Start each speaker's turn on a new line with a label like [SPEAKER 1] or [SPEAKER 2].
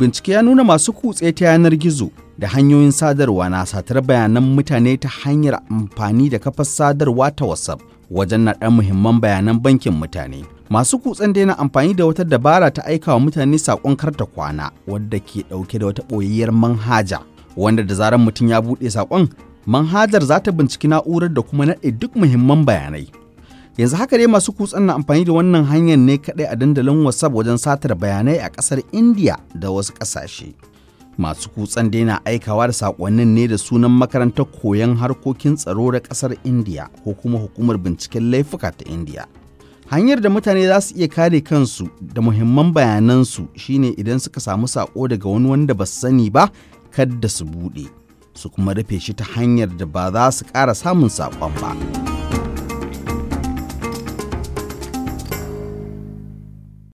[SPEAKER 1] bincike ya nuna masu kutse ta yanar gizo da hanyoyin sadarwa na satar bayanan mutane ta hanyar amfani da kafar sadarwa ta WhatsApp wajen na ɗan muhimman bayanan bankin mutane. Masu kutsen daina amfani da wata dabara ta aika wa mutane saƙon karta kwana wadda ke ɗauke da wata ɓoyayyar manhaja wanda da zarar mutum ya buɗe saƙon manhajar za ta binciki na'urar da kuma naɗe duk muhimman bayanai yanzu haka dai masu kutsan na amfani da wannan hanyar ne kadai a dandalin whatsapp wajen satar bayanai a ƙasar india da wasu ƙasashe masu kutsan dai na aikawa da saƙonnin ne da sunan makarantar koyon harkokin tsaro da ƙasar india ko kuma hukumar binciken laifuka ta india hanyar da mutane za su iya kare kansu da muhimman bayanansu shine idan suka samu saƙo daga wani wanda ba su sani ba kadda su buɗe su kuma rufe shi ta hanyar da ba za su ƙara samun saƙon ba.